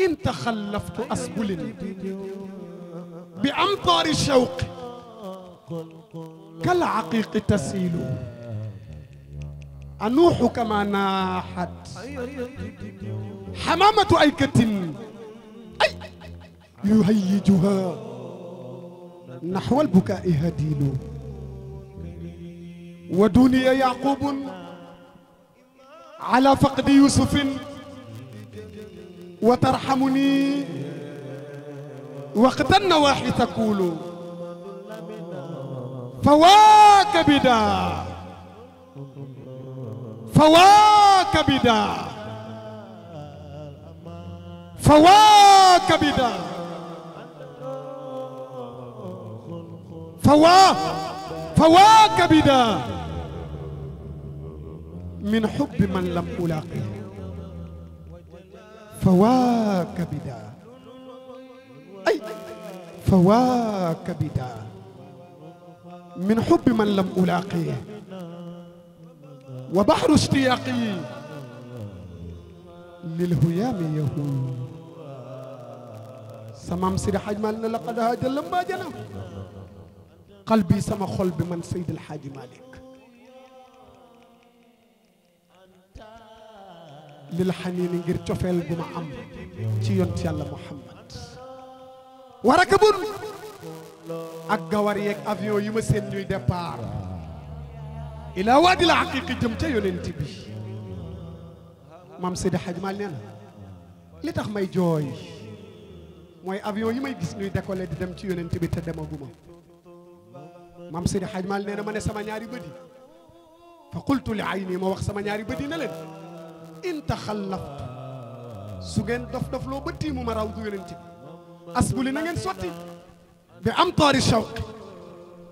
إن تخلفت أسبل بأمطار الشوق كالعقيق تسيل أنوح كما ناحت حمامة أيكة أي يهيجها نحو البكاء هديل ودني يعقوب على فقد يوسف وترحمني وقت النواحي تقول فواك بدا فواك بدا فواك بدا فوا فواك بدا من حب من لم ألاقيه فواك بدا أي فواك بدا من حب من لم ألاقيه وبحر اشتياقي للهيام يهون سمام سيد حاج مالنا لقد هاجل لما قلبي سما بمن سيد الحاج مالك للحنين غير تفعل بما أم تيون تيالا محمد وراكبون أقواري أك أفيو يوم سندوي دبار إلى وادي الحقيقي جم تيون انتبي مام سيد حاج مالنا لتخ ماي جوي موي أفيو يوم يجس نوي دكولي دم تيون انتبي تدمو بما مام سيد حاج مالنا ما نسمى نياري بدي فقلت لعيني ما وقت سمى نياري بدي نلن in taxallaftu su ngeen dof dof loo ba tiimu raw du yonent bi asbuli na ngeen sotti bi am toori shawq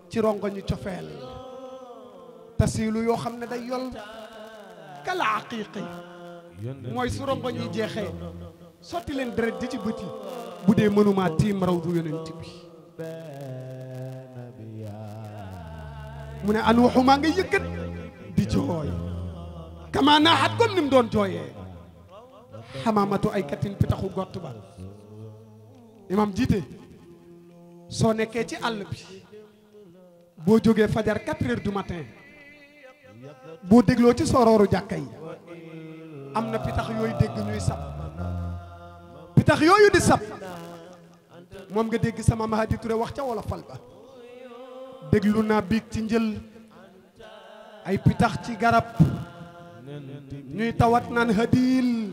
ci rongoñu cofeel tasiilu yoo xam ne day yol kala aqiiqi mooy su rongoñ yi jeexee sotti leen deret ji ci bët bu dee mënumaa tiim raw du yonent bi mu ne an waxu maa kama naaxat comme ni mu doon jooyee xamaamatu ay katin pitaxu gott ba imam jiite soo nekkee ci àll bi boo jógee fajar 4 heures matin boo dégloo ci sorooru jàkka yi am na pitax yooyu dégg ñuy sab pitax yooyu di sab moom nga dégg sama Mahadi wax ca wala fal ba déglu naa biig ci njël ay pitax ci garab ñuy tawat naan hadiil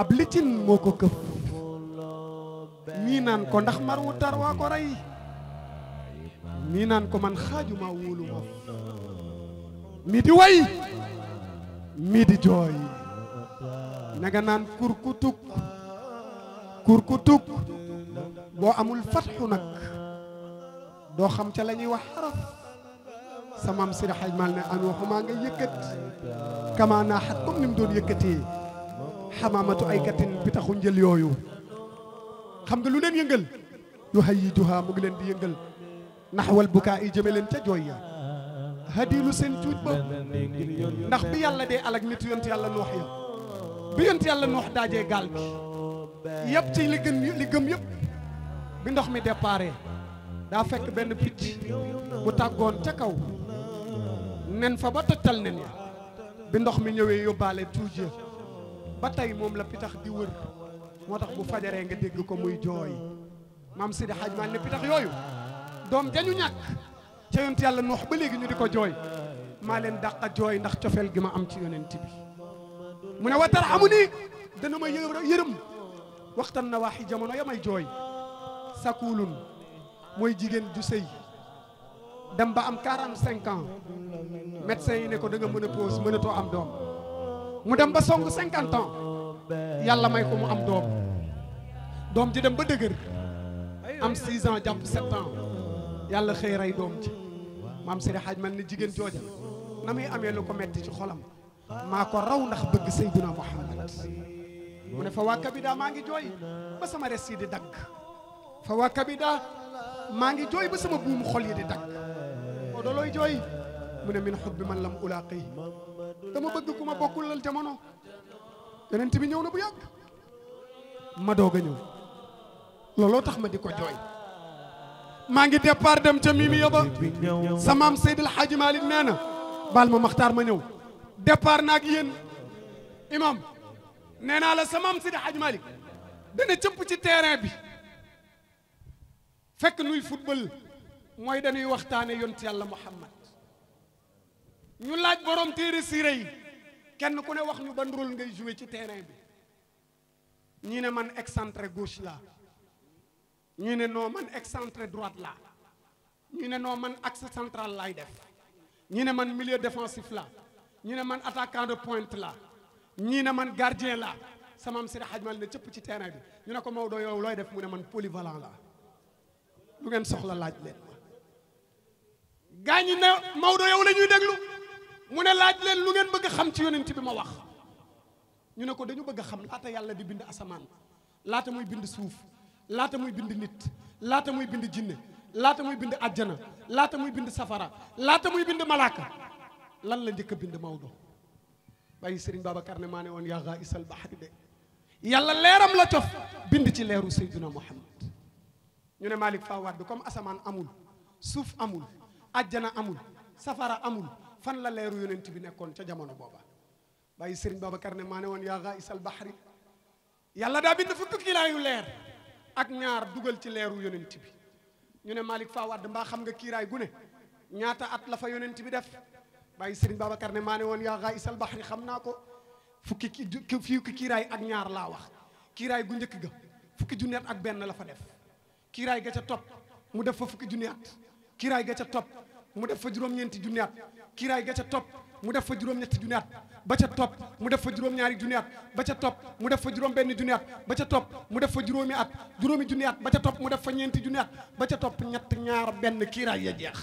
ab licin moo ko këf ñii naan ko ndax mar wu tar waa ko rey ñii naan ko man xaajuma wóolu ma mii di way mii di jooy nanga naan kurkutuk kurkutuk boo amul fatxu nag doo xam ca la ñuy wax xaraf sa maam Seydi Hadj Mal ne an waxumaa nga yëkkat kamaa naaxat comme ni mu doon yëkkatee xamaamatu ay katin bi taxu njël yooyu xam nga lu leen yëngal yu hayyijuha mu ngi leen di yëngal naxwal bukaa yi jëme leen ca jooy ya hadilu seen cuuj ba ndax bi yàlla dee alak nit yont yàlla noox ya bi yont yàlla noox daajee gaal bi yëpp ci li gën li gëm yëpp bi ndox mi déparé daa fekk benn picc bu tàggoon ca kaw nen fa ba tottal nen ya bi ndox mi ñëwee yóbbaale tuuje ba tay mom la pitax di wër motax bu fajaré nga dégg ko muy joy mam Sidi Hadj Malick ne pitax yoyu dom jañu ñak ci yent yàlla noox ba légui ñu diko joy ma maa leen dàqa joy ndax ciofel gi ma am ci yonent bi mu ne watar amu ni dana ma yeureum waxtan na waaxi jamono yamay joy sakulun moy jigen jigéen ju sëy dem ba am 45 ans médecin yi ne ko danga nga mën a pause mënatoo am doom mu dem ba song 50 ans yàlla may ko mu am doom doom ji dem ba dëgër am 6 ans jàpp 7 ans yàlla xëy rey doom ji maam Seydi Hadj man ni jigéen jooja na muy amee lu ko metti ci xolam maa ko raw ndax bëgg Seydina Muhammad mu ne fa waa Kabida maa ngi jooy ba sama res yi di dagg fa waa Kabida maa ngi jooy ba sama buum xol yi di dagg Maodo looy jooy mu ne min xubbi man lam ulaaqi dama bëgg ku ma bokkul lal jamono yonent bi ñëw na bu yàgg ma doog a ñëw looloo tax ma di ko jooy maa ngi départ dem ca mimi yoba samaam Seydil Hadji Malick nee na baal ma maxtaar ma ñëw départ naag yéen imam nee naa la samaam Seydil Hadji Malick dana cëpp ci terrain bi fekk nuy football moy dañuy waxtane yont yàlla muhammad ñu laaj borom téré siire yi kenn ku ne wax ñu ban rôle ngay jouer ci terrain bi ñi ne man excentré gauche la ñi ne non man excentré droite la ñi ne non man axe central lay def ñi ne man milieu défensif la ñi ne man attaquant de pointe la ñi ne man gardien la sama am sir Hadji ne cëpp ci terrain bi ñu ne ko Maodo yow loy def mu ne man polyvalent la lu ngeen soxla laaj leen gaañi na Maodo yow la ñuy déglu mu ne laaj leen lu ngeen bëgg a xam ci yonent bi ma wax ñu ne ko dañu bëgg a xam laata yàlla di bind asamaan laata muy bind suuf laata muy bind nit laata muy bind jinne laata muy bind àjjana laata muy bind safara laata muy bind malaaka lan la njëkk a bind Maodo bàyyi Serigne Babacar ne maa ne woon yaa gaa isal bahri de yàlla leeram la cof bind ci leeru Seydina Muhammad ñu ne Malick Fawad bi comme asamaan amul suuf amul ajjana amul safara amul fan la leeru yonent bi nekkoon ca jamono booba bàyyi sëriñ Babacar ne maa ne woon yaa gaisal bahri yàlla daa bind fukki kiiraayu leer ak ñaar dugal ci leeru yonent bi ñu ne Malick Fawad mbaa xam nga kiiraay gu ne ñaata at la fa yonent bi def bàyyi sëriñ Babacar ne maa ne woon yaa gaisal bahri xam naa ko fukki fukki kiiraay ak ñaar laa wax kiiraay gu njëkk ga fukki junni at ak benn la fa def kiiraay ga ca topp mu def fa fukki junni at kiiraay ga ca topp mu def fa juróom-ñeenti junni at kiiraay ga ca topp mu def fa juróom-ñetti junni at ba ca topp mu def fa juróom-ñaari junni at ba ca topp mu def fa juróom-benn junni at ba ca topp mu def fa juróomi at juróomi junni at ba ca topp mu def fa ñeenti junni at ba ca topp ñett ñaar benn kiiraay ya jeex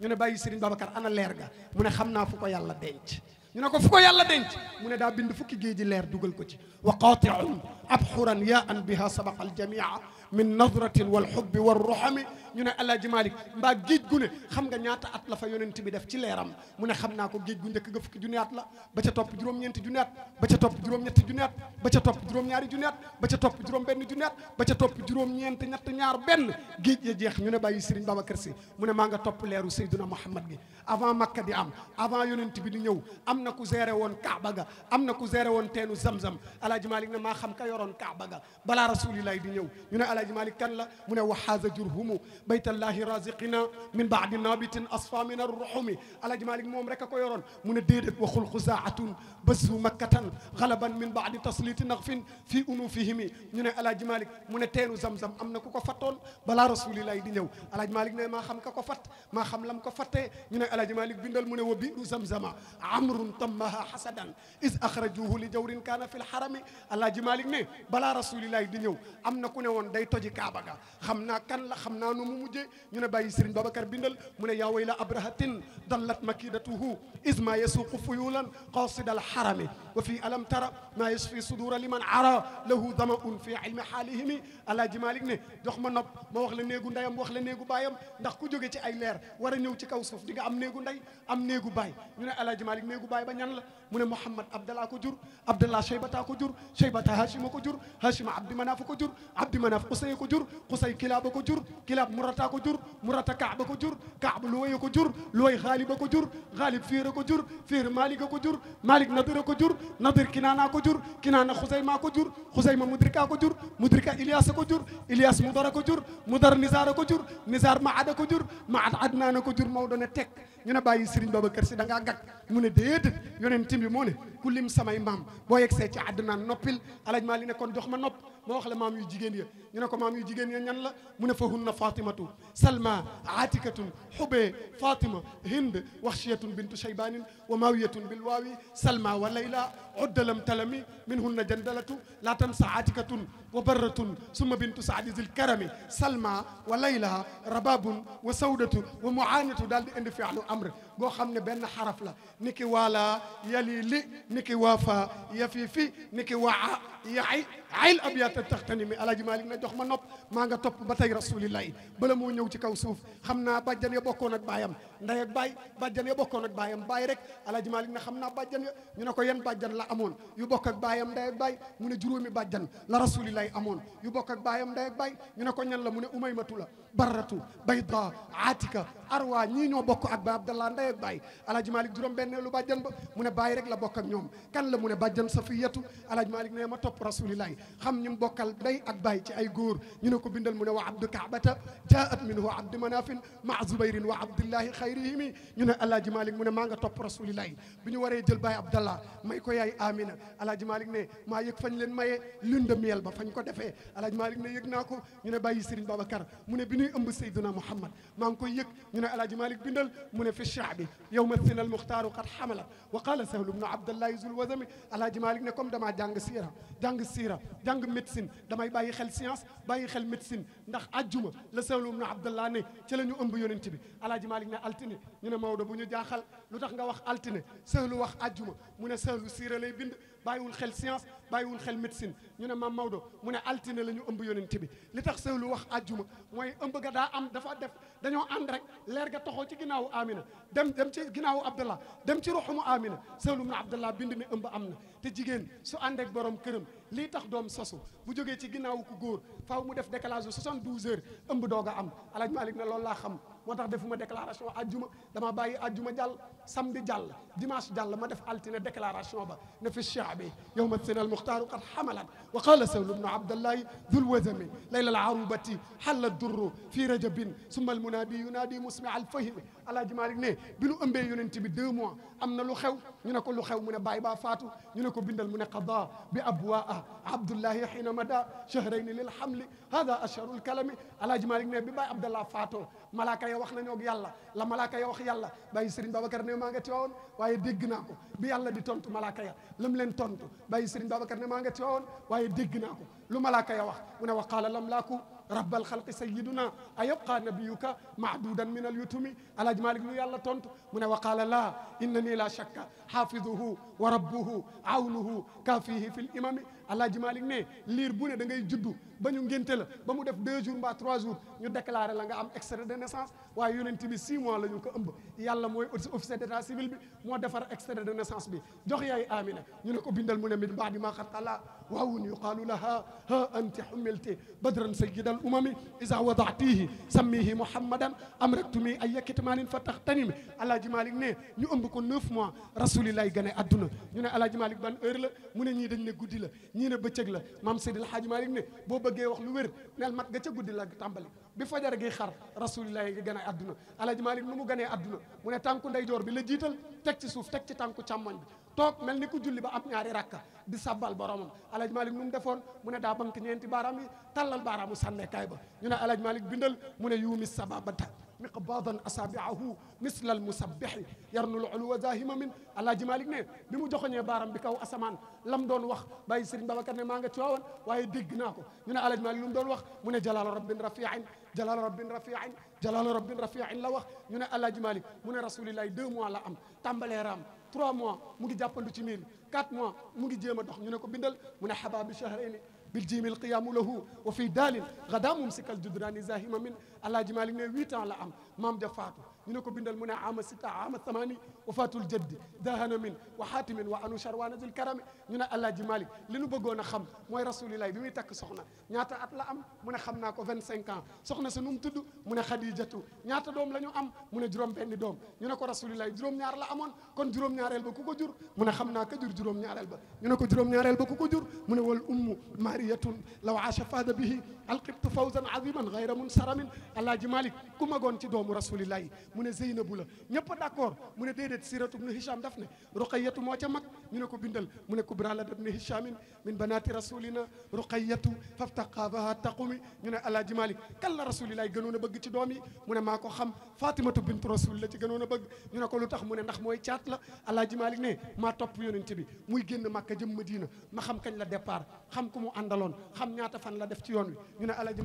ñu ne bàyyi Serigne Babacar ana leer ga mu ne xam naa fu ko yàlla denc ñu ne ko fu ko yàlla denc mu ne daa bind fukki géej ji leer dugal ko ci wa qatiun abxuran ya an biha sabaqa aljamia min nadratin walxubbi walruxami ñune ne Alaaji Malick mbaa géej gu ne xam nga ñaata at la fa yonent bi def ci leram mu ne xam naa ko géej gu ndek ga fukki juniat la ba ca top juroom ñent juniat ba ca top juróom-ñetti juniat ba ca top juróom-ñaari juniat ba ca top juroom ben juniat ba ca top juroom ñent ñett ñaar ben géej ya jeex ñune ne bàyyi Serigne Babacar si mu ne maa nga top leru sayyiduna Muhammad gi avant Makka di am avant yonent bi di ñëw amna ku géré won Kaaba ga amna ku géré won tenu Zamzam Alaaji malik ne ma xam ka yoron Kaaba ga bala rasulillah di ñëw ñune ne Alaaji Malick kan la mu ne waxaaza jurhumu bayta llaahi raziqina min baadi nabitin asfa min arruhumi alaji malik moom rek a ko yoroon mu ne déedéet waxul xusaatun basu makkatan xalaban min baadi tasliti naxfin fi unufihimi ñu ne alaji malik mu ne teenu zamzam am na ku ko fattoon balaa rasulillahi di ñëw alaji malik ne maa xam ka ko fat maa xam lam ko fattee ñu ne alaji malik bindal mu ne wa biiru zamzama amrun tammaha hasadan is axrajuhu li jawrin kaana fi lxarami alaji malik ne balaa rasulillahi di ñëw am na ku ne woon day toji kaaba ga xam naa kan la xam naa nu mu mu mujje ñu ne bàyyi Serigne Babacar bindal mu ne yaa way la abrahatin dallat makidatuhu isma yasuqu fuyulan qasid alharami wa fi alam tara ma yashfi sudura liman ara lahu damaun fi ilmi xaalihimi alaaji Malik ne jox ma nopp ma wax la néegu ndeyam wax la néegu baayam ndax ku jóge ci ay leer war ñëw ci kaw suuf di nga am néegu ndey am néegu baay ñu ne alaaji Malik néegu baay ba ñan la mu ne Mouhamad Abdallah ko jur Abdallah Cheybata ko jur Cheybata Hachima ko jur Hachima Abdi Manaf ko jur Abdi Manaf Qusay ko jur Qusay Kilaaba ko jur Kilaab murata ko jur murata kaaba ko jur kaaba luwaya ko jur luway xaaliba ko jur xaalib fiira ko jur fiir maliga ko jur malik nadira ko jur nadir kinana ko jur kinana xusayma ko jur xusayma mudrika ko jur mudrika ilyas ko jur ilyas mudara ko jur mudar nizara ko jur nizar maada ko jur maad adnana ko jur mawdo ne tek ñu ne bàyyi Serigne Babacar Sy da ngaa gag mu ne déedéet yonent bi moo ne ku lim samay maam boo yegsee ci àdduna noppil alaj maa li ne kon jox ma nopp ma wax la maam yu jigéen ya ñu ne ko maam yu jigéen ya ñan la mu ne fa hunna fatimatu salma atikatun hube fatima hind waxshiyatun bintu shaybanin wa mawiyatun bilwaawi salma wa layla uddalam talami min hunna jandalatu la tansa atikatun وبرة ثم بنت سعد ذي الكرم سلمى وليلها رباب وسودة ومعانة دال دي اند فعل امر غو خامني بن حرف لا نيكي والا يلي لي نيكي وافا يفي في نيكي وعا يعي عيل ابيات تختنمي على جمال ما جوخ ما نوب ماغا توب با تاي رسول الله بلا مو نيو سي كاو سوف xamna bajjan ya بوكون ak baayam ndey ak baay bàjjan ya bokkoon ak baayam baay rek alaaji Maalik ne xam naa bàjjan ya ñu ne ko yan bàjjan la amoon yu bokk ak baayam ndey ak mu ne juróomi bàjjan la rasulillahi amoon yu bokk ak baayam ndey ak ñu ne ko ñan la mu ne umaymatu la barratu bayda aatika arwa ñii ñoo bokk ak baay abdallah ndey ak baay alaaji Maalik juróom benneelu bàjjan ba mu ne baay rek la bokk ak ñoom kan la mu ne bàjjan safiyatu alaaji Maalik ne ma topp rasulillahi xam ñu bokkal ndey ak baay ci ay góor ñu ne ko bindal mu ne wa abdu kaabata jaat minhu abdu manafin ma zubayrin wa abdillahi xayrihimi ñu ne alaaji malik mu ne maa nga topp rasulillahi bi ñu waree jël baay abdallah may ko yaay amina alaaji malik ne maa yëg fañ leen mayee lune de miel ba fañ ko defee alaaji malik ne yëg naa ko ñu ne bàyyi sëriñ babacar mu ne bi ñuy ëmb sayduna muhammad maa ngi koy yëg ñu ne alaaji malik bindal mu ne fi shaabi yow ma sina almuxtaaru qad xamala wa qala sahlu bnu abdallahi zul wazami alaaji malik ne comme damaa jàng siira jàng siira jàng médecine damay bàyyi xel science bàyyi xel médecine ndax ajjuma la sahlu bnu abdallah ne ci la ñu ëmb yonent bi alaaji malik ne altine ñu ne Maodo bu ñu jaaxal lu tax nga wax altine sëhlu wax ajjuma mu ne sëhlu siira lay bind bàyyiwul xel science bàyyiwul xel médecine ñu ne maam Maodo mu ne altine la ñu ëmb yonent bi li tax sëhlu wax ajjuma mooy ëmb ga daa am dafa def dañoo ànd rek leer ga taxoo ci ginnaawu Amina dem dem ci ginnaawu Abdallah dem ci ruxumu Amina sëhlu mu ne Abdallah bind ne ëmb am na te jigéen su ànd ak borom këram lii tax doom sosu bu jógee ci ginnaawu ku góor faaw mu def décalage 72 heures ëmb doog a am alaaj Malik ne loolu laa xam moo tax defuma déclaration ajjuma dama bàyyi ajjuma jàll samedi jàll dimanche jàll ma def altine déclaration ba ne fi shaabi yowma al mukhtar qad hamalat wa qala sawlu bnu abdallahi dhul wazmi layla hal al durru fi thumma al almunadi yunadi musmi fahim ala malik ne bi nu ëmbee yonent bi 2 mois amna lu xew ñu ne ko lu xew mu ne bay ba fatu ñu ne ko bindal mu ne qada bi abwaa abdullahi hina mada shahrayn lil haml hada al kalam ala malik ne bi bàyyi abdallah fatu malaka ya wax nañoog yàlla la malaka ya wax yàlla bay serigne babakar ne ne maa nga Tiwaawoon waaye dégg naa ko bi yàlla di tontu malaaka ya lam leen tontu bàyyi Sëriñ Babacar ne maa nga Tiwaawoon waaye dégg naa ko lu malaaka ya wax mu ne wa qaala lamlaaku rabbal xalqi sayyiduna ayabqa nabiyuka maadudan min al yutumi alaaj Malik lu yàlla tontu mu ne wa qaala laa inna nii laa shakka xaafiduhu wa rabbuhu awnuhu kaafihi fil imami alaaji malik ne liir bu ne da ngay juddu ba ñu ngénte la ba mu def deux jours mbaa trois jours ñu déclaré la nga am extrait de naissance waaye yonent bi six mois la ko ëmb yàlla mooy officier d'état civil bi moo defar extrait de naissance bi jox yaay amina ñu ne ko bindal mu ne min baadi ma xartala waawun yuqaalu laha ha anti humilti badran sayid al umami isa wadaatihi sammihi muhammadan amraktumi ay yakitmaanin allah alaaji malik ne ñu ëmb ko neuf mois rasulillahi gane adduna ñu ne alaaji malik ban heure la mu ne ñii dañ ne guddi la ñii ne bëccëg la maam seydil haaji malik ne boo bëggee wax lu wér neel mat ga ca guddi la tàmbali bi fajar gi xar rasulillahi gi gane adduna alaaji malik nu mu ganee adduna mu ne tànku ndeyjoor bi la jiital teg ci suuf teg ci tànku càmmoñ bi toog mel ni ku julli ba am ñaari rakka di sabbal boromam alaaji malik nu mu defoon mu ne daa bank ñeenti baaraam yi tallal baaraamu sànnekaay ba ñu ne alaaji malik bindal mu ne yuumi sababata مقبضا اصابعه مثل المسبح يرن العلو داهما من على جمالك ني بيمو جوخو ني بارام بكاو اسمان لام دون واخ باي سيرن بابا كان ماغا تيوون واي ديغ ناكو ني على جمالك لوم دون واخ مون جلال رب رفيع جلال رب رفيع جلال رب رفيع لا واخ ني على جمالك مون رسول الله 2 mois لا ام تامبالي رام 3 mois موغي جابندو تي مير 4 mois موغي جيما دوخ ني نكو بيندل مون حباب شهرين بالجيم القيام له وفي دال غدا ممسك الجدران زاهما من الله جمالنا ويتان لا ام مام جا فاتو ñu ne ko bindal mu ne ama sita ama samani wafatul jaddi dahana min wa xaatimin wa anu charwana dil karami ñu ne alaaji malik li nu bëggoon a xam mooy rasulillahi bi muy takk soxna ñaata at la am mu ne xam naa ko vingt cinq ans soxna sa nu mu tudd mu ne xadijatu ñaata doom la ñu am mu ne juróom benn doom ñu ne ko rasulillahi juróom-ñaar la amoon kon juróom-ñaareel ba ku ko jur mu ne xam naa ka jur juróom-ñaareel ba ñu ne ko juróom-ñaareel ba ku ko jur mu ne wal ummu mariyatun law aasha faada bihi alqibtu fawzan aziman gayra munsaramin alaaji malik ku magoon ci doomu rasulillahi mune ne Zeynabu la ñëpp d'accord mune dedet siratu ibn Hisham dafne Ruqayyatu mo ca mak ñune ko bindal mune ne Kubra la ibn hisham min banati rasulina Ruqayyatu faftaqabaha taqumi ñu ne Alaaji Malik kan rasulillahi gënon a bëgg ci doomi mune mako xam Fatimatu bint rasul la ci gënon a bëgg ñu ko lutax mune ndax moy ciat la ala jimali ne ma top yonent bi muy génn Makka jëm medina ma xam kañ la départ xam ku mu andalon xam ñaata fan la def ci yoon wi ñu ne Alaaji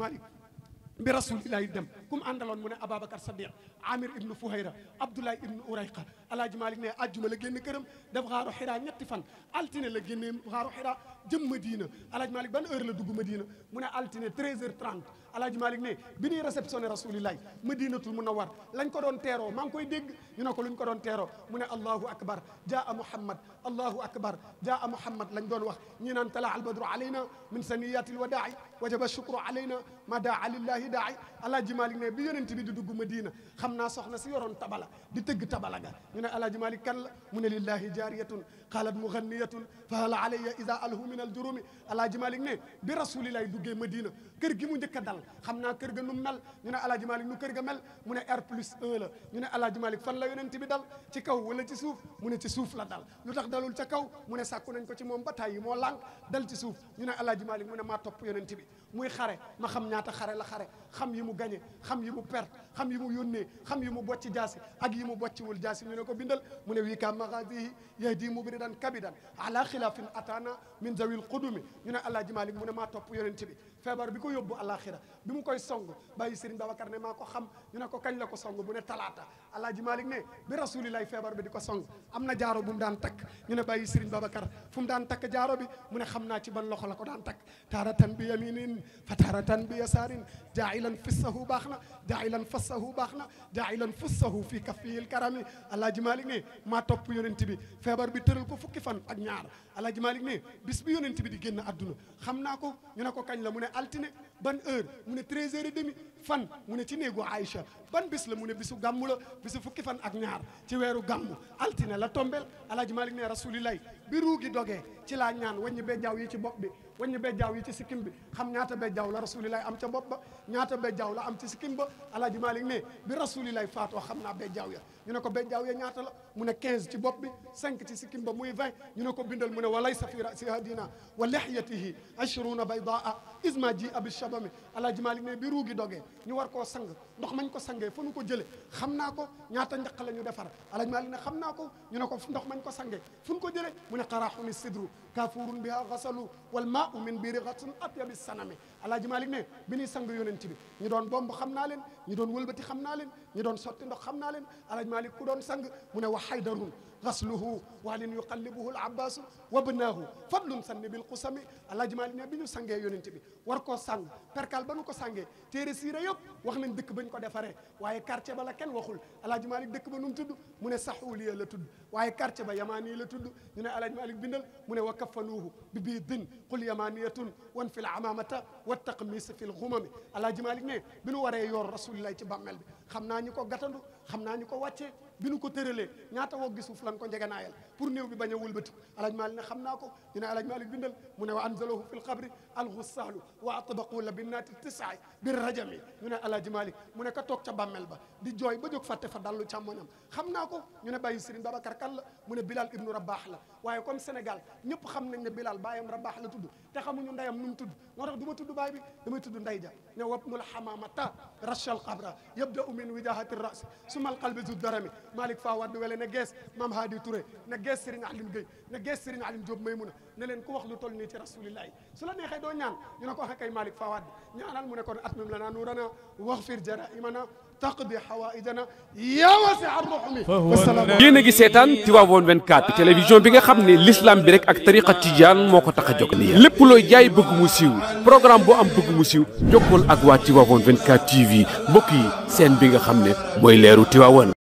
برسول الله دم كم عندلون من أبا بكر صديق عامر ابن فهيرة عبد الله ابن أريقة على جمالك نه أجمع لجين كرم دب غارو حرا نتفن ألتين لجين غارو حرا جم مدينة على جمالك بن أرل دب مدينة من ألتين 13:30 alaaj malik ne bi ni réceptionné rasulillah madinatul munawwar lañ ko don téro mang koy dégg ñu ne ko luñ ko don téro mu ne allahu akbar jaa muhammad allahu akbar jaa muhammad lañ don wax ñi nan tala badru alayna min saniyatil lwadaai wajaba shukru alayna ma daa lillahi daai alaaj malik ne bi yonent bi du dugg madina xamna soxna si yoron tabala di tëgg tabala ga ñu ne alaaj malik kan la mu ne lillahi jariyatun qalat mughanniyatun fa hal alayya idha alhu min aljurumi alaaj malik ne bi rasulillahi duggee madina kër gi mu njëkk dal mel xam naa kër ga nu mel ñu ne alaaji malik nu kër ga mel mu ne R plus 1 la ñu ne alaaji malik fan la yonent bi dal ci kaw wala ci suuf mu ne ci suuf la dal lu tax dalul ca kaw mu ne sàkku nañ ko ci moom ba tàyyi moo lànk dal ci suuf ñu ne alaaji malik mu ne maa topp yonent bi muy xare ma xam ñaata xare la xare xam yi mu gañe xam yi mu perte xam yi mu yónnee xam yi mu bocci jaasi ak yi mu bocciwul jaasi ñu ne ko bindal mu ne wii ka magasihi yahdi mubridan kabidan ala xilafin atana min zawil qudumi ñu ne alaaji malik mu ne maa topp yonente bi feebar bi ko yóbbu alaxira bi mu koy song bàyyi Serigne Babacar ne maa ko xam ñu ne ko kañ la ko song bu ne talaata alaaji malik ne bi rasulillahi feebar bi di ko song am na jaaro bu mu daan takk ñu ne bàyyi Serigne Babacar fu mu daan takk jaaro bi mu ne xam naa ci ban loxo la ko daan takk taaratan bi yaminin fa taaratan jaa daa'ilan fissahu baax na daa'ilan fassahu baax na daa'ilan fassahu fii kaffihil karami alaaji Malick ne maa topp yonent bi feebar bi tëral ko fukki fan ak ñaar alaaji Malick ne bis bi yonent bi di génn adduna xam naa ko ñu ne ko kañ la mu ne altine ban heure mu ne treize heures et demi fan mu ne ci néegu Aïcha ban bis la mu ne bisu gàmmu la bisu fukki fan ak ñaar ci weeru gàmmu altine la tombel alaaji Malick ne rasulillahi bi ruugi dogee ci laa ñaan waññi bejaaw yi ci bopp bi waññi bejjaaw yi ci sikim bi xam ñaata bejjaaw la rasulillah am ci bop ba ñaata bejjaaw la am ci sikim ba alaaji malik ne bi rasulillah faatoo xamna naa bejjaaw ya ñu ne ko bejjaaw ya ñaata la mu ne 15 ci bop bi 5 ci sikim ba muy 20 ñu ne ko bindal mu ne walay safira fi hadina wa lihyatihi 20 baydaa izma ji abishabami shabami malik ne bi ruugi doge ñu war ko sang ndox mañ ko sangé fu nu ko jële xamna ko ñaata njaq la ñu defar alaj maa ne ko ñu ne ko ndox mañ ko sangé fu nu ko jële mu ne xaraxuni sidru kafurun biha ghasalu wal ma'u min biiri atyab as sanami alaaji maalik ne bi ni sang yonent bi ñu doon bomb xamna leen ñu doon wëlbati xamna leen ñi doon sotti ndox xam naa alaj malik ku doon sang mu ne wa xaydarun gasluhu walin yuqallibuhu alabbaasu wa bnaahu fadlun sanni bil qusami alaj malik ne bi ñu sangee yonent bi war koo sang perkal ba nu ko sangee téere siira yëpp wax nañ dëkk bañ ko defaree waaye quartier ba la kenn waxul alaj malik dëkk ba nu mu tudd mu la tudd waaye quartier ba yamaani la tudd ñu ne alaj malik bindal mu ne wa kafanuuhu bi bii din qul yamaaniyatun wan fi lamamata wa taqmis fi lxumami alaj malik ne bi nu waree yoor ci bàmmeel bi xam ñu ko gatandu xamna naa ñu ko wacce bi nu ko terele ñaata wo gisuf lan ko njeganaayal pour néew bi baña wulbeut wëlbati alaj maalik ne xamna ko dina ne alaj maalik bindal mu ne wa anzalahu fi lxabri alxussaalu wa atbaqu la binnaati tisaay bir rajami ñu ne alaj malik mu ne ka tok ca bàmmel ba di joy ba jóg fàtte fa dalu ca moñam xamna ko ñu ne bàyyi sëriñ babacar kan mu ne bilal ibn rabah la waye comme sénégal ñëpp xam nañ ne bilal bayam rabah la tuddu te xamu ndeyam nu mu tudd moo tax duma tuddu baye bi damay tuddu ndey ja ne wabnul hamamata rashal qabra yabdau min wijahati ar ras sumal qalbi du darami Malick Fawad wele na gees Mame Hadi Touré na gees Serigne Alim Gueye na gees Serigne Alim Diop Maymouna ne leen ku wax lu toll nii ci rasulillahi su la neexee doo ñaan ñu ne ko waxe kay Malick Fawad ñaanal mu ne kon atmim lana nuurana waxfir jaraimana taqdi xawaaidana yaa wasi'a ar-rahmi yéen a ngi seetaan Tivaouane 24 télévision bi nga xam ne l'islam bi rek ak tariqa tijaan moo ko tax a jóg nii lépp looy jaay bëgg mu siiw programme bu am bëgg mu siiw jokkool ak waa Tivaouane 24 TV mbokk yi seen bi nga xam ne mooy leeru Tivaouane